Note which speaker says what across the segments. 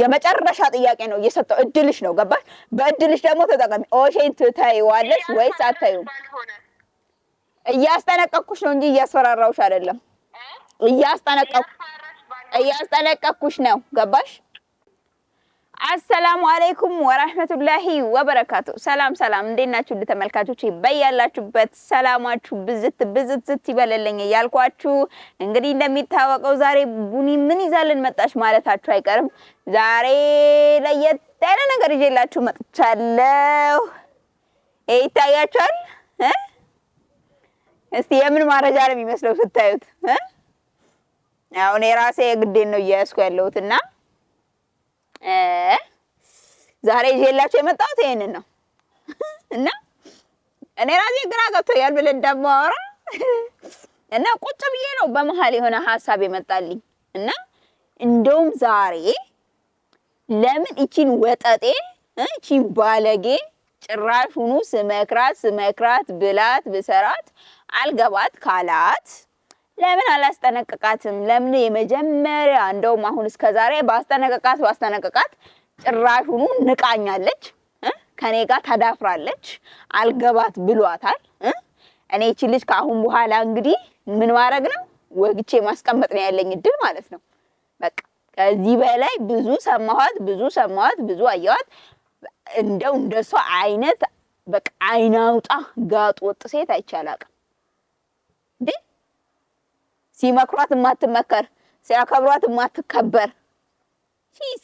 Speaker 1: የመጨረሻ ጥያቄ ነው እየሰጠው። እድልሽ ነው ገባሽ? በእድልሽ ደግሞ ተጠቀሚ። ኦሼን ትታይዋለሽ ወይስ አታዩም? እያስጠነቀኩሽ ነው እንጂ እያስፈራራውሽ አይደለም። እያስጠነቀኩሽ ነው ገባሽ? አሰላሙ አለይኩም ወራህመቱላሂ ወበረካቱ። ሰላም ሰላም፣ እንዴት ናችሁ ተመልካቾች? በያላችሁበት ሰላማችሁ ብዝት ብዝት ዝት ይበለልኝ እያልኳችሁ እንግዲህ እንደሚታወቀው ዛሬ ቡኒ ምን ይዛልን መጣች ማለታችሁ አይቀርም። ዛሬ ለየት ያለ ነገር ይዤላችሁ መጥቻለሁ። ይታያችኋል። እስቲ የምን ማረጃ ነው የሚመስለው ስታዩት? አሁን የራሴ ግዴን ነው እያያዝኩ ያለሁት እና ዛሬ ይዤላችሁ የመጣሁት ይሄንን ነው እና እኔ ራሴ ግራ ገብቶኛል ብለን እንደማወራ እና ቁጭ ብዬ ነው በመሀል የሆነ ሀሳብ የመጣልኝ እና እንደውም ዛሬ ለምን እቺን ወጠጤ እቺን ባለጌ ጭራሽ ሁኑ ስመክራት ስመክራት ብላት ብሰራት አልገባት ካላት ለምን አላስጠነቅቃትም? ለምን የመጀመሪያ እንደውም አሁን እስከ ዛሬ ባስጠነቅቃት ባስጠነቅቃት ጭራሹኑ ንቃኛለች። ከኔ ጋር ተዳፍራለች። አልገባት ብሏታል። እኔ ይቺ ልጅ ከአሁን በኋላ እንግዲህ ምን ማድረግ ነው? ወግቼ ማስቀመጥ ነው ያለኝ እድል ማለት ነው። በቃ ከዚህ በላይ ብዙ ሰማኋት፣ ብዙ ሰማኋት፣ ብዙ አየኋት። እንደው እንደሷ አይነት በቃ አይናውጣ ጋጥ ወጥ ሴት አይቻል ሲመክሯት የማትመከር ሲያከብሯት የማትከበር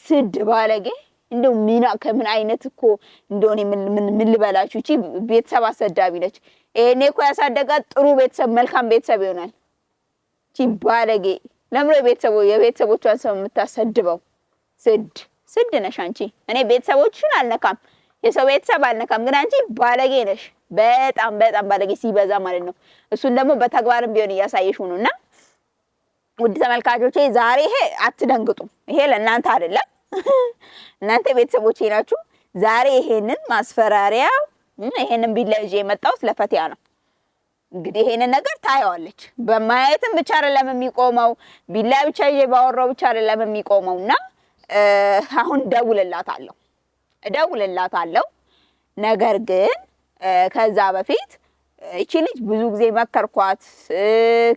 Speaker 1: ስድ ባለጌ እንደው ሚና ከምን አይነት እኮ እንደሆነ ምን ልበላችሁ፣ እቺ ቤተሰብ አሰዳቢ ነች። እኔ እኮ ያሳደጋት ጥሩ ቤተሰብ መልካም ቤተሰብ ይሆናል። እቺ ባለጌ ለምሮ የቤተሰቦ የቤተሰቦቿን ሰው የምታሰድበው ስድ ስድ ነሽ አንቺ። እኔ ቤተሰቦችን አልነካም፣ የሰው ቤተሰብ አልነካም። ግን አንቺ ባለጌ ነሽ፣ በጣም በጣም ባለጌ ሲበዛ ማለት ነው። እሱን ደግሞ በተግባርም ቢሆን እያሳየሽ ሁኑና ውድ ተመልካቾቼ ዛሬ ይሄ አትደንግጡም። ይሄ ለእናንተ አይደለም፣ እናንተ ቤተሰቦቼ ናችሁ። ዛሬ ይሄንን ማስፈራሪያ ይሄንን ቢላ ይዤ የመጣሁት ለፈቲያ ነው። እንግዲህ ይሄንን ነገር ታየዋለች። በማየትም ብቻ አይደለም የሚቆመው ቢላ ብቻ ይዤ ባወራው ብቻ አይደለም የሚቆመው እና አሁን እደውልላታለሁ እደውልላታለሁ ነገር ግን ከዛ በፊት እቺ ልጅ ብዙ ጊዜ መከርኳት።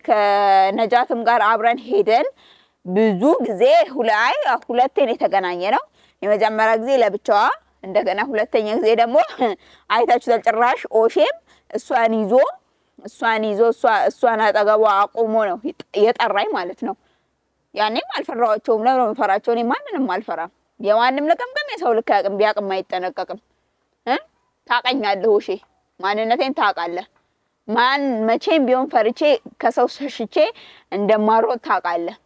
Speaker 1: ከነጃትም ጋር አብረን ሄደን ብዙ ጊዜ ሁላይ ሁለቴን የተገናኘ ነው። የመጀመሪያ ጊዜ ለብቻዋ እንደገና ሁለተኛ ጊዜ ደግሞ አይታችሁታል። ጭራሽ ኦሼም እሷን ይዞ እሷን ይዞ እሷን አጠገቧ አቁሞ ነው የጠራኝ ማለት ነው። ያኔም አልፈራኋቸውም። ለምን ነው የምፈራቸው? እኔ ማንንም አልፈራም። የማንም ልቅምቅም የሰው ልክ ያቅም ቢያቅም አይጠነቀቅም። ታቀኛለህ ኦሼ፣ ማንነቴን ታውቃለህ። ማን መቼም ቢሆን ፈርቼ ከሰው ሸሽቼ እንደማሮጥ ታውቃለህ።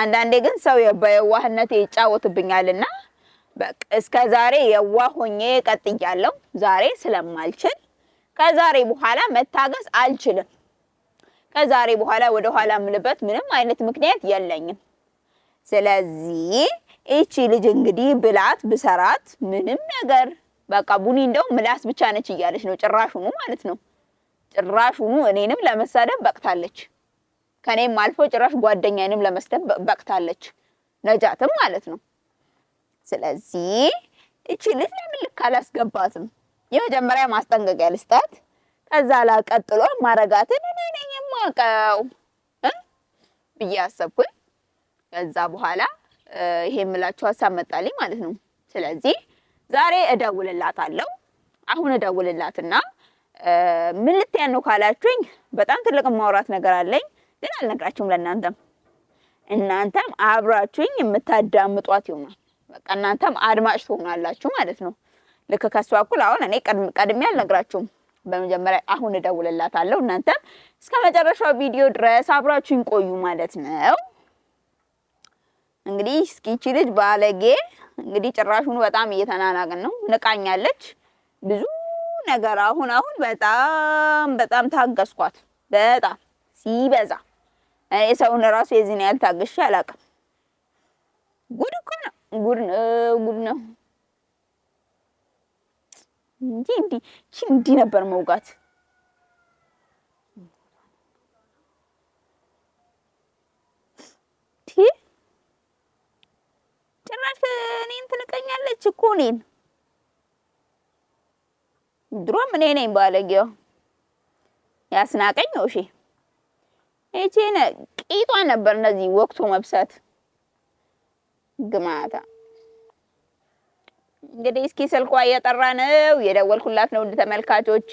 Speaker 1: አንዳንዴ ግን ሰው በየዋህነት ይጫወትብኛልና እስከ ዛሬ የዋህ ሆኜ ቀጥያለሁ። ዛሬ ስለማልችል ከዛሬ በኋላ መታገስ አልችልም። ከዛሬ በኋላ ወደኋላ የምልበት ምንም አይነት ምክንያት የለኝም። ስለዚህ ይቺ ልጅ እንግዲህ ብላት ብሰራት ምንም ነገር በቃ ቡኒ እንደው ምላስ ብቻ ነች እያለች ነው ጭራሹኑ ማለት ነው። ጭራሹኑ እኔንም ለመሳደብ በቅታለች። ከኔም አልፎ ጭራሽ ጓደኛዬንም ለመስደብ በቅታለች፣ ነጃትም ማለት ነው። ስለዚህ እቺ ልጅ ለምን ልክ አላስገባትም? የመጀመሪያ ማስጠንቀቂያ ልስጣት፣ ከዛ ላቀጥሎ ቀጥሎ ማረጋትን እኔ ነኝ የማውቀው ብዬ አሰብኩኝ። ከዛ በኋላ ይሄ የምላችሁ ሀሳብ መጣልኝ ማለት ነው። ስለዚህ ዛሬ እደውልላታለሁ። አሁን እደውልላትና ምን ልትያን ነው ካላችሁኝ፣ በጣም ትልቅ ማውራት ነገር አለኝ፣ ግን አልነግራችሁም። ለእናንተም እናንተም አብራችሁኝ የምታዳምጧት ይሆናል። በቃ እናንተም አድማጭ ትሆናላችሁ ማለት ነው። ልክ ከሷ እኩል አሁን እኔ ቀድሜ አልነግራችሁም። በመጀመሪያ አሁን እደውልላታለሁ። እናንተም እስከ መጨረሻው ቪዲዮ ድረስ አብራችሁኝ ቆዩ ማለት ነው። እንግዲህ እስኪ ይቺ ልጅ ባለጌ እንግዲህ ጭራሹን በጣም እየተናናቅን ነው። ንቃኛለች ብዙ ነገር። አሁን አሁን በጣም በጣም ታገስኳት። በጣም ሲበዛ የሰውን ራሱ የዚህን ያህል ታግሼ አላውቅም። ጉድ እኮ ነው፣ ጉድ ነው እንጂ እንዲህ እንዲህ ነበር መውጋት ቲ ጭራሽ እኔን ትንቀኛለች እኮ እኔን። ድሮም እኔ ነኝ ባለጌዋ ያስናቀኝ ነው። እሺ እቺን ቂጧን ነበር እንደዚህ ወቅቶ መብሳት ግማታ። እንግዲህ እስኪ ስልኳ እየጠራ ነው፣ የደወልኩላት ነው። ውድ ተመልካቾቼ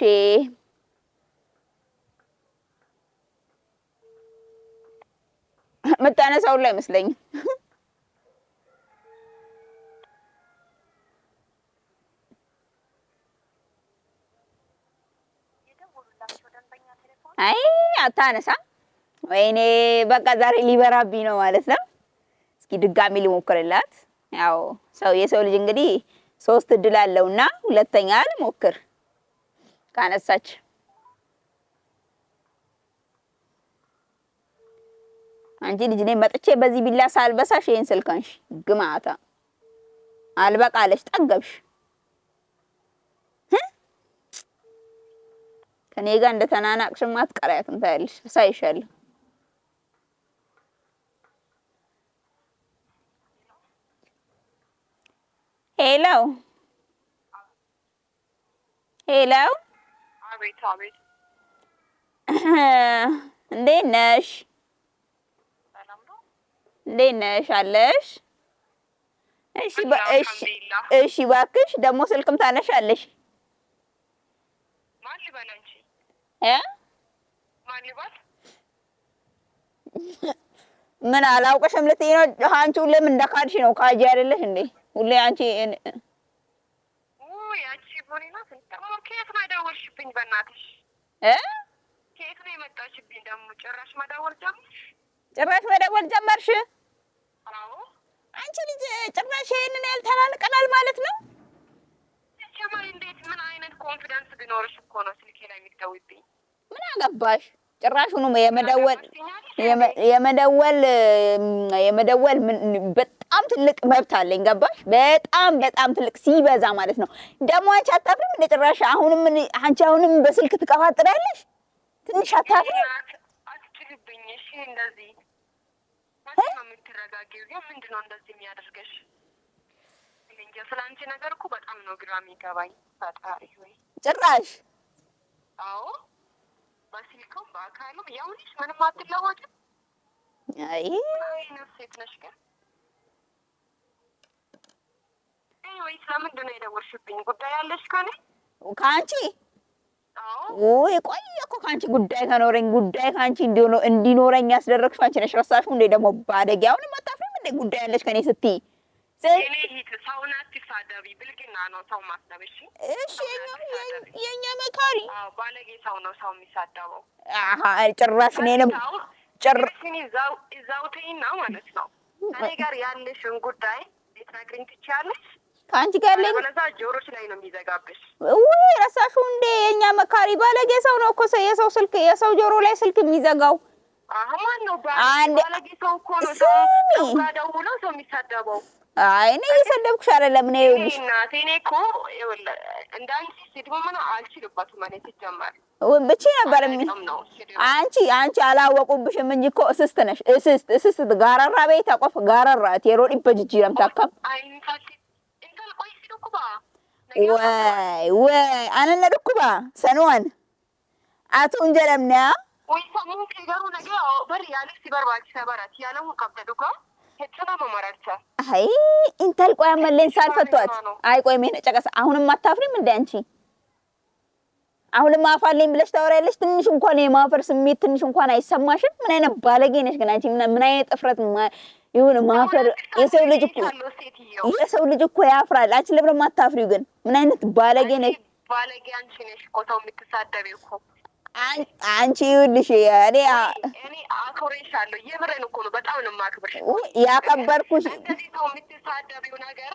Speaker 1: የምታነሳውን ላይ አይመስለኝም። አይ አታነሳ። ወይኔ በቃ ዛሬ ሊበራብኝ ነው ማለት ነው። እስኪ ድጋሚ ሊሞክርላት። ያው ሰው የሰው ልጅ እንግዲህ ሶስት እድል አለውና ሁለተኛ ልሞክር። ካነሳች አንቺ ልጅ ኔ መጥቼ በዚህ ቢላ ሳልበሳሽ ይሄን ስልካንሽ ግማታ አልበቃለሽ ጠገብሽ። ከኔ ጋር እንደ ተናናቅሽማ አትቀሪያትም። ታያለሽ፣ ሳይሻለሁ ሄሎ ሄሎ፣ እንዴት ነሽ? እንዴት ነሽ አለሽ? እሺ እሺ፣ እባክሽ ደግሞ ስልክም ታነሻለሽ። ምን አላውቅሽም ልትይ ነው? አንቺ ሁሌም እንደካድሽ ነው። ካጂ አይደለሽ እንዴ? ሁሌ አንቺ
Speaker 2: ከየት ነው የደወልሽብኝ? በእናትሽ ከየት ነው የመጣሽብኝ? ደግሞ ጭራሽ መደወል ጀመርሽ?
Speaker 1: ጭራሽ መደወል ጀመርሽ? አንቺ ልጅ ጭራሽ ይሄንን ያህል ተናንቀናል ማለት ነው?
Speaker 2: እንዴት ምን ኮንፊደንስ ቢኖርሽ እኮ ነው ስልኬ ላይ የሚደውይብኝ።
Speaker 1: ምን አገባሽ? ጭራሹኑ የመደወል የመደወል የመደወል በጣም ትልቅ መብት አለኝ። ገባሽ? በጣም በጣም ትልቅ ሲበዛ ማለት ነው። ደግሞ አንቺ አታፍሪም እንደ ጭራሽ አሁንም አንቺ አሁንም በስልክ ትቀፋጥራለሽ። ትንሽ አታፍሪ
Speaker 2: አትችልብኝ። እሺ እንደዚህ ምንድን ነው እንደዚህ የሚያደርገሽ? ስለ አንቺ ነገር እኮ በጣም ነው ግራ የሚገባኝ። ፈጣሪ ወይ ጭራሽ። አዎ በስልኩም በአካሉም የውልሽ ምንም አትለወጭም።
Speaker 1: አይ አይነት ሴት ነሽ ግን
Speaker 2: ወይ ስለምንድን ነው የደወልሽብኝ? ጉዳይ አለሽ ከኔ
Speaker 1: ከአንቺ? ውይ ቆይ እኮ ከአንቺ ጉዳይ ከኖረኝ ጉዳይ ከአንቺ እንዲኖረኝ ያስደረግሽው አንቺ ነሽ። ረሳሽው እንዴ ደግሞ ባደጊ። አሁንም አታፍሪም እንዴ ጉዳይ አለሽ ከኔ ስትይ
Speaker 2: ሰውን አትሳደቢ፣ ብልግና ነው መካሪ ባለጌ ሰው ነው ሰው የሚሳደበው።
Speaker 1: ጭራሽ እኔንም
Speaker 2: ጭራሽን ይዛውትኝ ነው ማለት ነው። እኔ ጋር ያለሽን ጉዳይ ልትነግሪኝ ትችያለሽ?
Speaker 1: ከአንቺ ጋር ላይ
Speaker 2: ለዛ ጆሮች ላይ ነው የሚዘጋብሽ።
Speaker 1: ውይ ረሳሹ እንዴ! የእኛ መካሪ ባለጌ ሰው ነው እኮ የሰው ስልክ የሰው ጆሮ ላይ ስልክ የሚዘጋው
Speaker 2: አሁን ነው ባለጌ ሰው እኮ ነው ሰው ጋር ደውለው ሰው የሚሳደበው
Speaker 1: አይ እኔ እየሰደብኩሽ አይደለም። እኔ ይኸውልሽ
Speaker 2: እናቴ እኔ እኮ እንዳንቺ ሴት ነው አልችልበትም። እኔ ትጀመሪ
Speaker 1: ብቻ ነበር አንቺ አንቺ አላወቁብሽም እንጂ እኮ እስስት ነሽ። እስስት እስስት ጋረራ ቤት አቆፍ ጋረራ ቴሮ ዲበጅ ጂ ለምታከም ወይ ወይ አነነ ዱኩባ ሰንዋን አቱ እንጀለምና
Speaker 2: ወይ ሰሙን ከገሩ ነገ በር ያለሽ ሲበርባች ሰበራት ያለው ቀበዱካ
Speaker 1: አይ ኢንተል ቆይ አመለኝ ሳልፈቷት። አይ ቆይ ምን ጨቀሰ። አሁንም አታፍሪም እንደ አንቺ አሁንም አፋለኝ ብለሽ ታወሪያለሽ። ትንሽ እንኳን የማፈር ስሜት ትንሽ እንኳን አይሰማሽም? ምን አይነት ባለጌ ነሽ ግን አንቺ! ምን አይነት ጥፍረት ይሁን ማፈር። የሰው ልጅ እኮ የሰው ልጅ እኮ ያፍራል። አንቺ ለምን ማታፍሪው ግን? ምን አይነት ባለጌ ነሽ!
Speaker 2: ባለጌ አንቺ ነሽ እኮ ተው የምትሳደቢው እኮ
Speaker 1: አንቺ ይኸውልሽ እኔ
Speaker 2: እኔ አክብሬሻለሁ። የምሬን እኮ ነው። በጣም ነው የማክብርሽ።
Speaker 1: ያከበርኩሽ
Speaker 2: እንደዚህ ሰው የምትሳደቢው ነገር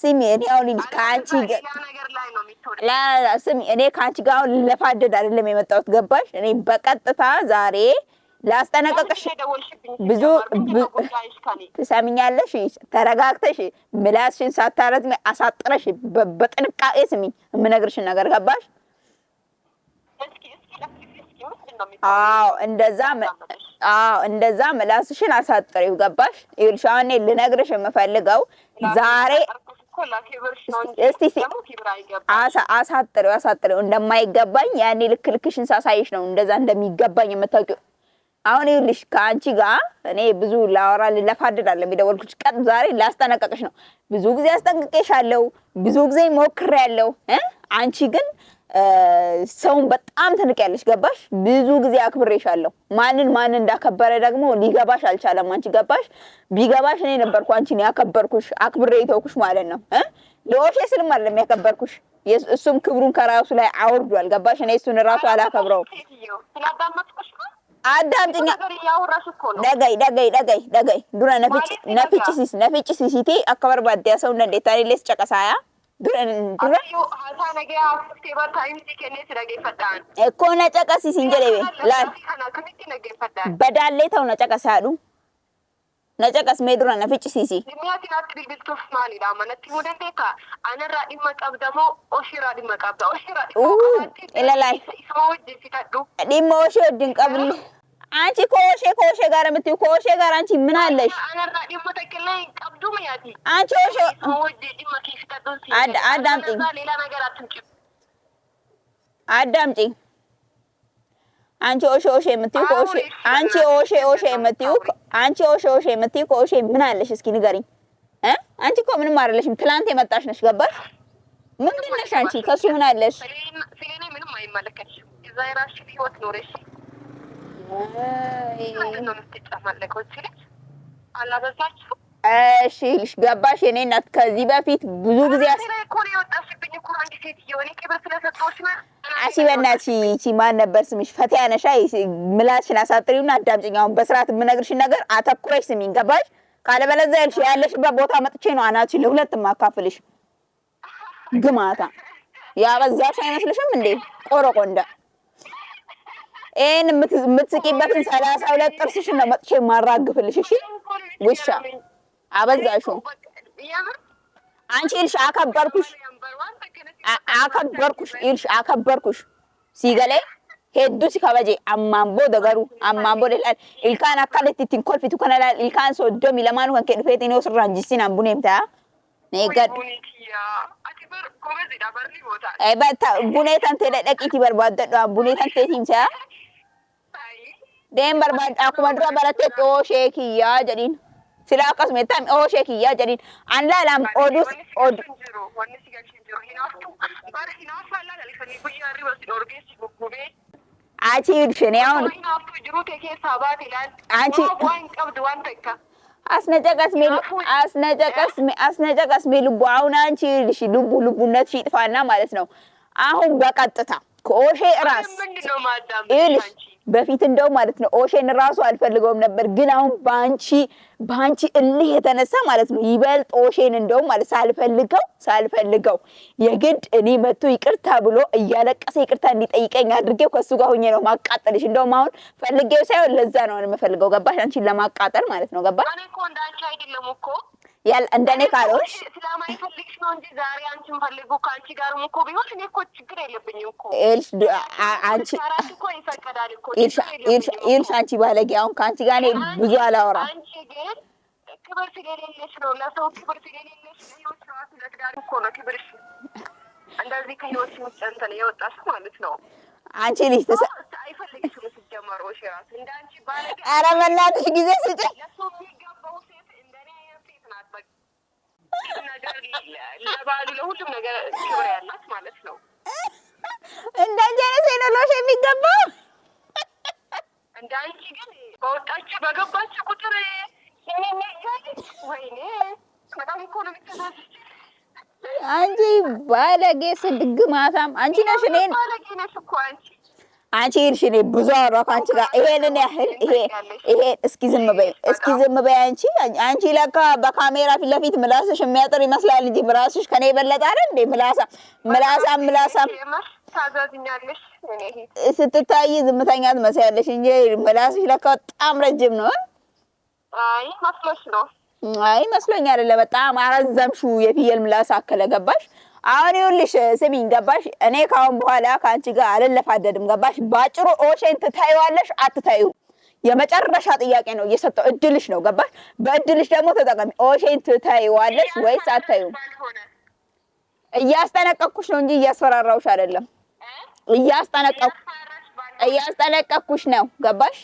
Speaker 1: ስሚ እኔ አሁን ከአንቺ ስሚ እኔ ከአንቺ ጋር አሁን ልለፋደድ አይደለም የመጣሁት ገባሽ? እኔ በቀጥታ ዛሬ ላስጠነቀቅሽ ብዙ ትሰሚኛለሽ። ተረጋግተሽ ምላስሽን ሳታረዝሚ አሳጥረሽ በጥንቃቄ ስሚኝ የምነግርሽን ነገር ገባሽ? አዎ እንደዛ አዎ እንደዛ ምላስሽን አሳጥሪው ገባሽ? ይኸውልሽ አሁን እኔ ልነግርሽ የምፈልገው ዛሬ አሳጥሪው አሳጥሪው እንደማይገባኝ ያኔ ልክ ሳሳይሽ ነው እንደዛ እንደሚገባኝ የምታውቂው አሁን ይኸውልሽ ከአንቺ ጋር እኔ ብዙ ላወራ ልለፋድዳለ የሚደወልኩሽ ቀጥ ዛሬ ላስጠነቀቅሽ ነው። ብዙ ጊዜ አስጠንቅቄሻለሁ፣ ብዙ ጊዜ ሞክሬያለሁ። አንቺ ግን ሰውን በጣም ትንቂያለሽ። ገባሽ? ብዙ ጊዜ አክብሬሻለሁ። ማንን ማንን እንዳከበረ ደግሞ ሊገባሽ አልቻለም። አንቺ ገባሽ? ቢገባሽ እኔ ነበርኩ አንቺን ያከበርኩሽ አክብሬ የተውኩሽ ማለት ነው። ለኦሼ ስልም አይደለም ያከበርኩሽ እሱም ክብሩን ከራሱ ላይ አውርዷል። ገባሽ? እኔ እሱን ራሱ አላከብረውም። አዳምጪኝ ደገይ ደገይ ደገይ ደገይ ዱረ ነፍጭሲስ ነፍጭሲሲቲ አከበር ባዲያ ሰውነ እንዴታኒ ሌስ ጨቀሳያ እኮ ነጨቀሲስ እንጀደቤ ላል በዳሌ ተው ነጨቀሳያዱ Nacaqas mee dura nafichi siisi.
Speaker 2: Dhimmooti natti bilbiltuuf maalidha? Manatti himuu dandeettaa? Anarraa dhimma qabda moo oshiirraa dhimma qabda? Oshiirraa
Speaker 1: dhimma qabda. Ilalaal.
Speaker 2: Isuma wajjin fitadhu.
Speaker 1: Dhimma oshii wajjin qabni. አንቺ ከወሼ ከወሼ ጋር የምትይው ከወሼ ጋር አንቺ ምን አለሽ? አንቺ ወሼ አዳምጪኝ አዳምጪኝ አንቺ ኦሼ ኦሼ የምትይው ኦሼ አንቺ ኦሼ ኦሼ የምትይው አንቺ ኦሼ ኦሼ የምትይው ኦሼ ምን አለሽ? እስኪ ንገሪኝ እ አንቺ እኮ ምንም አይደለሽም። ትላንት የመጣሽ ነሽ። ገባሽ? ምንድን ነሽ አንቺ? ከሱ ምን አለሽ?
Speaker 2: ስለኔ ምንም አይመለከትሽም። እዛ የራስሽ ህይወት ኖረሽ
Speaker 1: እሺ ልሽ ገባሽ? የኔ እናት ከዚህ በፊት ብዙ ጊዜ አሺ በእናትሽ ይቺ ማን ነበር ስምሽ? ፈቲያ ነሻ? ምላስሽን አሳጥሪውና አዳምጪኝ። አሁን በስርዓት የምነግርሽን ነገር አተኩረሽ ስሚኝ፣ ገባሽ? ካለበለዚያ ያልሽ ያለሽበት ቦታ መጥቼ ነው አናትሽን ለሁለት ማካፍልሽ። ግማታ ያበዛሽ አይመስልሽም እንዴ? ቆረቆንዳ ይሄን የምትስቂበትን ሰላሳ ሁለት ጥርስሽን ነው መጥቼ ማራግፍልሽ። እሺ ውሻ አበዛሽው። አንቺ ልሽ አከበርኩሽ አከበርኩሽ ኢርሽ አከበርኩሽ ሲገለይ ሄዱ ሲከበጀ አማን ቦደ ገሩ አማን ቦደ ላል ኢልካን አካለት ቲን ኮልፊቱ ከናላ ኢልካን ሶዶሚ ለማኑ ከን ከዱፌት ነው ስራን ጂሲን አንቡኔምታ ነይጋድ በታ ቡኔ ተንቴ ደቂቲ በርባደዶ ቡኔ ተንቴ ቲምሳ ደም በርባድ አኩማ ድራ በረቴ ጦሼ ኪያ ጀዲን ስላ አቀስሜታም ኦሼ ኪያ ጀዲን አንላላም ኦዱስ ኦዱ Achii shiniyaawun. Achii. As na caqas milu as na caqas as na caqas ሚሉ አሁን አንቺ ልሽ ልቡ ልቡነት ፊጥፋና ማለት ነው። አሁን በቀጥታ ከኦሼ ራስ ይልሽ በፊት እንደው ማለት ነው ኦሼን ራሱ አልፈልገውም ነበር፣ ግን አሁን በአንቺ በአንቺ እልህ የተነሳ ማለት ነው ይበልጥ ኦሼን እንደውም ማለት ሳልፈልገው ሳልፈልገው የግድ እኔ መቶ ይቅርታ ብሎ እያለቀሰ ይቅርታ እንዲጠይቀኝ አድርጌው ከሱ ጋር ሁኜ ነው ማቃጠልሽ። እንደውም አሁን ፈልጌው ሳይሆን ለዛ ነው የምፈልገው። ገባሽ? አንቺን ለማቃጠል ማለት ነው። ገባሽ?
Speaker 2: እኔ እኮ እንዳንቺ አይደለም እኮ
Speaker 1: እንደኔ ካልሆንሽ
Speaker 2: ስለማይፈልግሽ ነው እንጂ ዛሬ አንቺን ፈልጉ ከአንቺ ጋርም እኮ ቢሆን እኔ እኮ ችግር የለብኝም እኮ
Speaker 1: ይልሽ። አንቺ ባለጌ፣ አሁን ከአንቺ ጋር እኔ ብዙ አላወራም።
Speaker 2: አንቺ ግን ክብር ስለሌለሽ ነው፣ ለሰው ክብር ስለሌለሽ ህይወት ራሱ ለትዳር እኮ ነው ክብርሽ እንደዚህ ከህይወት ውጭ የወጣሽ ማለት ነው። አንቺ ልጅ ተሰ አይፈልግሽም ሲጀመር ኦሽ እንደ አንቺ
Speaker 1: ባለጌ። ኧረ በእናትሽ ጊዜ ስጭኝ
Speaker 2: ነገር ለባሉ ለሁሉም ነገር ክብር ያላት ማለት ነው።
Speaker 1: እንደ አንቺ አይነት ሴኖሎሽ የሚገባው
Speaker 2: እንደ አንቺ ግን በወጣችሁ በገባችሁ ቁጥር
Speaker 1: አንቺ ባለጌ ስድግ ማታም አንቺ ነሽ እኔን
Speaker 2: ባለጌ ነሽ እኮ አንቺ
Speaker 1: አንቺ ሄድሽ፣ እኔ ብዙ አወራሁ ከአንቺ ጋር ይሄንን ያህል ይሄ ይሄ እስኪ ዝም በይ፣ እስኪ ዝም በይ። አንቺ አንቺ ለካ በካሜራ ፊት ለፊት ምላስሽ የሚያጥር ይመስላል እንጂ ምላስሽ ከኔ የበለጠ አይደል እንዴ? ምላሳ ምላሳ ምላሳ ስትታይ ዝምተኛ ትመስያለሽ እንጂ ምላስሽ ለካ በጣም ረጅም ነው።
Speaker 2: አይ መስሎሽ ነው።
Speaker 1: አይ አይደለ በጣም አረዘምሹ የፍየል ምላስ አከለ ገባሽ አሁን ይኸውልሽ ስሚኝ፣ ገባሽ? እኔ ካሁን በኋላ ከአንቺ ጋር አልለፋደድም። ገባሽ? ባጭሩ ኦሼን ትታይዋለሽ አትታዩ የመጨረሻ ጥያቄ ነው እየሰጠው። እድልሽ ነው ገባሽ? በእድልሽ ደግሞ ተጠቀሚ። ኦሼን ትታይዋለሽ ወይስ አትታዩም? እያስጠነቀቅኩሽ ነው እንጂ እያስፈራራውሽ አይደለም። እያስጠነቀቅኩ እያስጠነቀቅኩሽ ነው ገባሽ?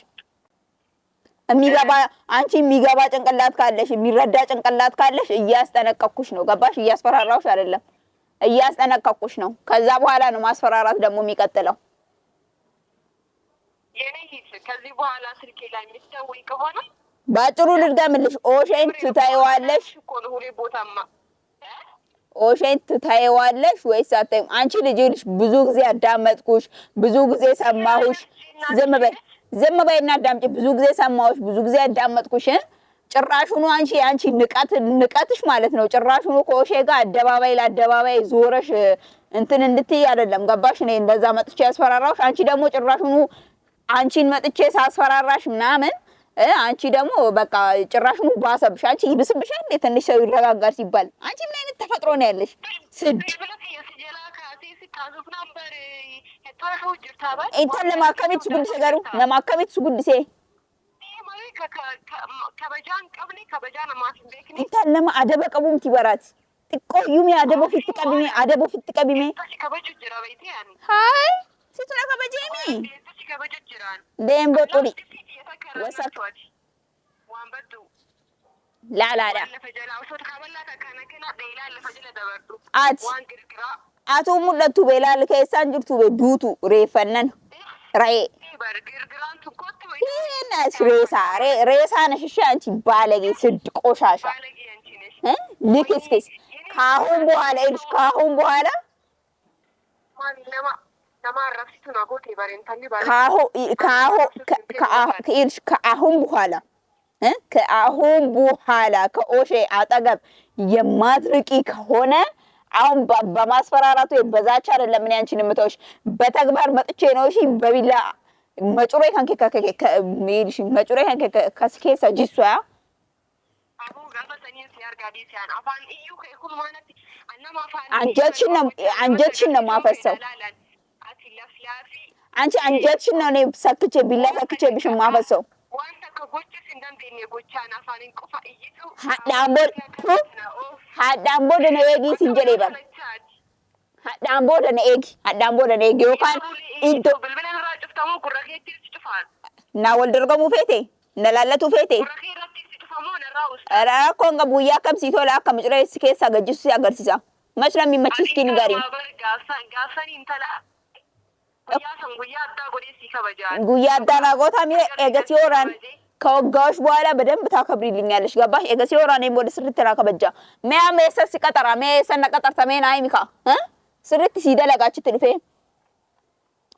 Speaker 1: የሚገባ አንቺ የሚገባ ጭንቅላት ካለሽ፣ የሚረዳ ጭንቅላት ካለሽ እያስጠነቀቅኩሽ ነው ገባሽ? እያስፈራራውሽ አይደለም። እያስጠነቀኩሽ ነው። ከዛ በኋላ ነው ማስፈራራት ደግሞ የሚቀጥለው።
Speaker 2: ከዚህ በኋላ ስልኬ ላይ የሚደውይ ከሆነ
Speaker 1: በአጭሩ ልድገምልሽ፣ ኦሼን ትታይዋለሽ ኦሼን ትታይዋለሽ ወይስ አታይም? አንቺ ልጅ ልሽ ብዙ ጊዜ አዳመጥኩሽ፣ ብዙ ጊዜ ሰማሁሽ። ዝም በይ ዝም በይና አዳምጪ። ብዙ ጊዜ ሰማሁሽ፣ ብዙ ጊዜ አዳመጥኩሽን ጭራሹኑ አንቺ አንቺ ንቀት ንቀትሽ ማለት ነው። ጭራሹኑ ከኦሼ ጋር አደባባይ ለአደባባይ ዞረሽ እንትን እንድትይ አይደለም ገባሽ? እኔ እንደዛ መጥቼ ያስፈራራሁሽ፣ አንቺ ደግሞ ጭራሹኑ አንቺን መጥቼ ሳስፈራራሽ ምናምን አንቺ ደግሞ በቃ ጭራሽኑ ባሰብሽ። አንቺ ይብስብሻል እንዴ? ትንሽ ሰው ይረጋጋል ሲባል አንቺ ምን አይነት ተፈጥሮ ነው ያለሽ? ስድ እንትን ለማከሚት ሱጉድ ሰገሩ ለማከሚት ሱጉድ ሴ እንታለማ አደበ ቀቡም ቲበራት xiqqooyyume adaba ofitti qabime adaba ofitti qabime ሀይ ስትነ ከበጀሚ ደንቦ ጡሪ ወሰቱ ላላዳ ati ati mul'attu beelaal keessaan jirtu duutu reeffannan ሬሳ ሬሳ ነሽ። እሺ አንቺ ባለጌ ስድ ቆሻሻ ልክስክስ። ከአሁን በኋላ ይኸውልሽ፣ በኋላ ከአሁን በኋላ ከአሁን በኋላ ከኦሼ አጠገብ የማትርቂ ከሆነ አሁን በማስፈራራቱ በዛቻ አይደለም እኔ አንቺን የምተውሽ፣ በተግባር መጥቼ ነው እሺ በቢላ መጩሬ ከንኬ ከሄድሽ መጩሬ ከንኬ ከስኬ ሰጂሷ አንጀትሽን ነው አንጀትሽን ነው የማፈሰው። አንቺ አንጀትሽን ነው እኔ ሰክቼ ቢላ ሰክቼ ሰክቼብሽ ማፈሰው Haadhaan booda na eegi siin jedhee bara. Haadhaan booda na eegi. Haadhaan booda na eegi yookaan iddoo. Naa wal dorgomuu feete? Na laallatuu feete? Rakkoon ga guyyaa akkam sii tola akka muciree si keessaa gajjisu si agarsiisa. Machi namni machiis kiin gaarii. Guyyaa addaa naa gootaa miira eegasii ooraan. ከወጋዎች በኋላ በደንብ ታከብሪልኛለሽ። ገባሽ? ኤገሴ ወራ እኔም ወደ ስርትና ከበጃ ሚያ ሜሰ ሲቀጠራ ሜሰ የሰነ ቀጠርተ ሜን አይሚካ ስርት ሲደለጋች ትልፌ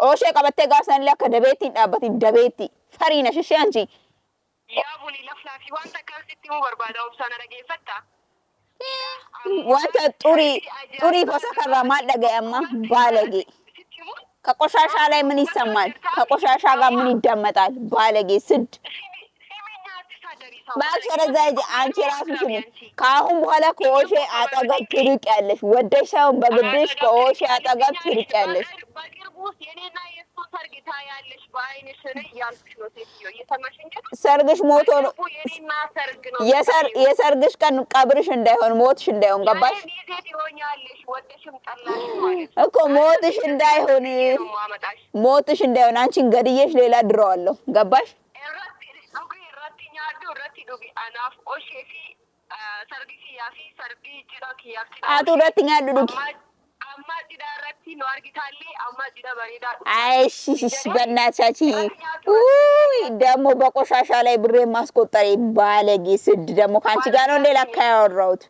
Speaker 1: ኦሼ ቀበቴ ጋርሰን ለከ ደቤቲን ዳበቲ ደቤቲ ፈሪነሽ እሺ አንቺ
Speaker 2: ያቡኒ ለፍላፊ ዋንተ ከልቲ ወርባዳ ኦብሳና ረጌፈታ
Speaker 1: ዋንተ ጡሪ ጡሪ ፈሰከራ ማለገያማ ባለጌ ከቆሻሻ ላይ ምን ይሰማል? ከቆሻሻ ጋር ምን ይዳመጣል? ባለጌ ስድ እባክሽ ወደዛ ሂጂ። አንቺ ራስሽ ከአሁን በኋላ ከኦሼ አጠገብ ትርቅ ያለሽ ወደሽ ሳይሆን በግድሽ ከኦሼ አጠገብ ትርቅ ያለሽ ሰርግሽ ሞቶ ነው የሰርግሽ ቀን ቀብርሽ እንዳይሆን ሞትሽ እንዳይሆን ገባሽ እኮ ሞትሽ እንዳይሆን ሞትሽ እንዳይሆን አንቺን ገድዬሽ ሌላ ድረዋለሁ ገባሽ
Speaker 2: dhugi anaaf oshee fi sarbii kiyyaa fi sarbii jidha kiyyaaf
Speaker 1: jidha. Haa duratti nyaadhu dhugi.
Speaker 2: Amma jidha irratti nu argitaallee amma jidha bareedaa
Speaker 1: dhuga. Ayish በእናታችን ውይ ደግሞ በቆሻሻ ላይ ብሬ ማስቆጠር ባለጌ ስድ ደግሞ ከአንቺ ጋር ነው እንዴ ለካ ያወራሁት?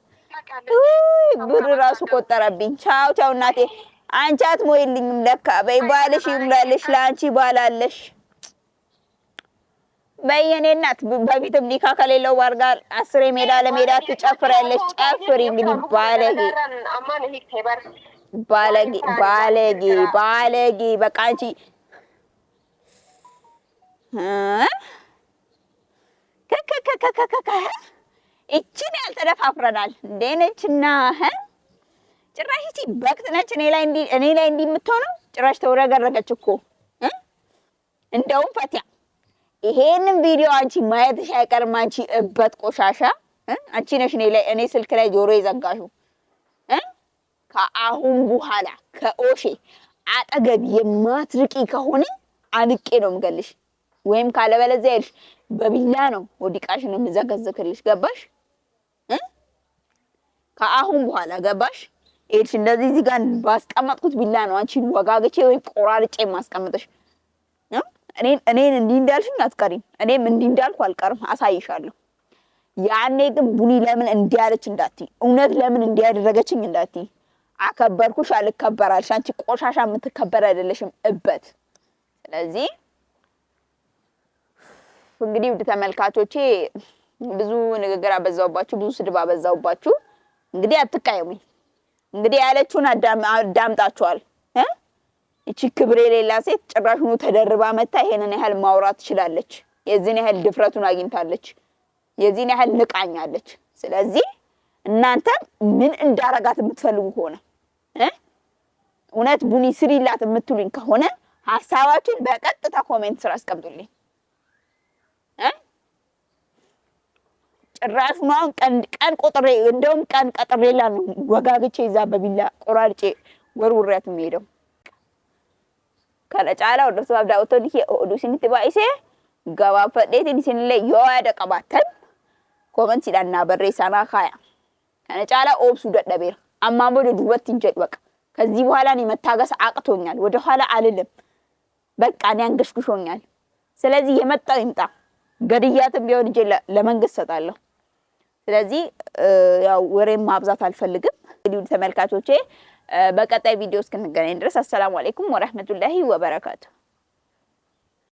Speaker 1: ውይ ብር ራሱ ቆጠረብኝ። ቻው ቻው እናቴ። አንቺ አትሞይልኝም ለካ በይ ባልሽ ይሙላልሽ፣ ለአንቺ ባላለሽ በየኔ እናት በፊትም ኒካ ከሌለው ባል ጋር አስሬ ሜዳ ለሜዳ ትጨፍራለች። ጨፍሪ እንግዲህ ባለጌ ባለጌ ባለጌ ባለጌ በቃ አንቺ ከከከከከከ እቺን ያልተደፋፍረናል እንዴ ነችና ጭራሽ እቺ በክት ነች እኔ ላይ እንዲህ እኔ ላይ እንዲህ የምትሆነው ጭራሽ ተውረገረገች እኮ እንደውም ፈቲያ ይሄንን ቪዲዮ አንቺ ማየትሽ አይቀርም። አንቺ እበት ቆሻሻ አንቺ ነሽ እኔ ስልክ ላይ ጆሮ የዘጋሹ። ከአሁን በኋላ ከኦሼ አጠገብ የማትርቂ ከሆነ አንቄ ነው ምገልሽ፣ ወይም ካለበለዚያ ይልሽ በቢላ ነው ወዲቃሽ ነው የምዘገዝክልሽ። ገባሽ? ከአሁን በኋላ ገባሽ? ይልሽ እንደዚህ እዚህ ጋር ባስቀመጥኩት ቢላ ነው አንቺን ወጋግቼ ወይም ቆራርጬ ነው እኔን እኔን እንዲህ እንዳልሽኝ አትቀሪም፣ እኔም እንዲህ እንዳልኩ አልቀርም፣ አሳይሻለሁ። ያኔ ግን ቡኒ ለምን እንዲያለች እንዳትይ፣ እውነት ለምን እንዲያደረገችኝ እንዳትይ። አከበርኩሽ አልከበራልሽ፣ አንቺ ቆሻሻ የምትከበር አይደለሽም እበት። ስለዚህ እንግዲህ ውድ ተመልካቾቼ ብዙ ንግግር አበዛውባችሁ፣ ብዙ ስድብ አበዛውባችሁ። እንግዲህ አትቃየሙኝ። እንግዲህ ያለችውን አዳምጣችኋል። ይቺ ክብር የሌላ ሴት ጭራሽኑ ተደርባ መታ ይሄንን ያህል ማውራት ትችላለች። የዚህን ያህል ድፍረቱን አግኝታለች። የዚህን ያህል ንቃኛለች። ስለዚህ እናንተ ምን እንዳረጋት የምትፈልጉ ከሆነ እውነት ቡኒ ስሪላት የምትሉኝ ከሆነ ሀሳባችን በቀጥታ ኮሜንት ስራ አስቀምጡልኝ። ጭራሹን አሁን ቀን ቆጥሬ እንደውም ቀን ቀጥሬላ ነው ወጋግቼ ይዛ በቢላ ቆራርጬ ወርውሪያት የሚሄደው kana caalaa hordoftoota abdaa'ottoonni kiyya oduu isinitti baay'isee gabaafadheetiin isinillee yoo yaada qabaattan koomentiidhaan naa barreessaa naa kaaya. Kana caalaa oobsuu dadhabeera. Ammaan booda duubatti hin jedhu በቃ ከዚህ በኋላ እኔ መታገስ አቅቶኛል፣ ወደ ኋላ አልልም። በቃ እኔ አንገሽግሾኛል። ስለዚህ የመጣው ይምጣ፣ ገድያትም ቢሆን እጄ ለመንግስት እሰጣለሁ። ስለዚህ ያው ወሬም ማብዛት አልፈልግም። በቀጣይ ቪዲዮ እስክንገናኝ ድረስ አሰላሙ አሌይኩም ወረህመቱላሂ ወበረካቱ።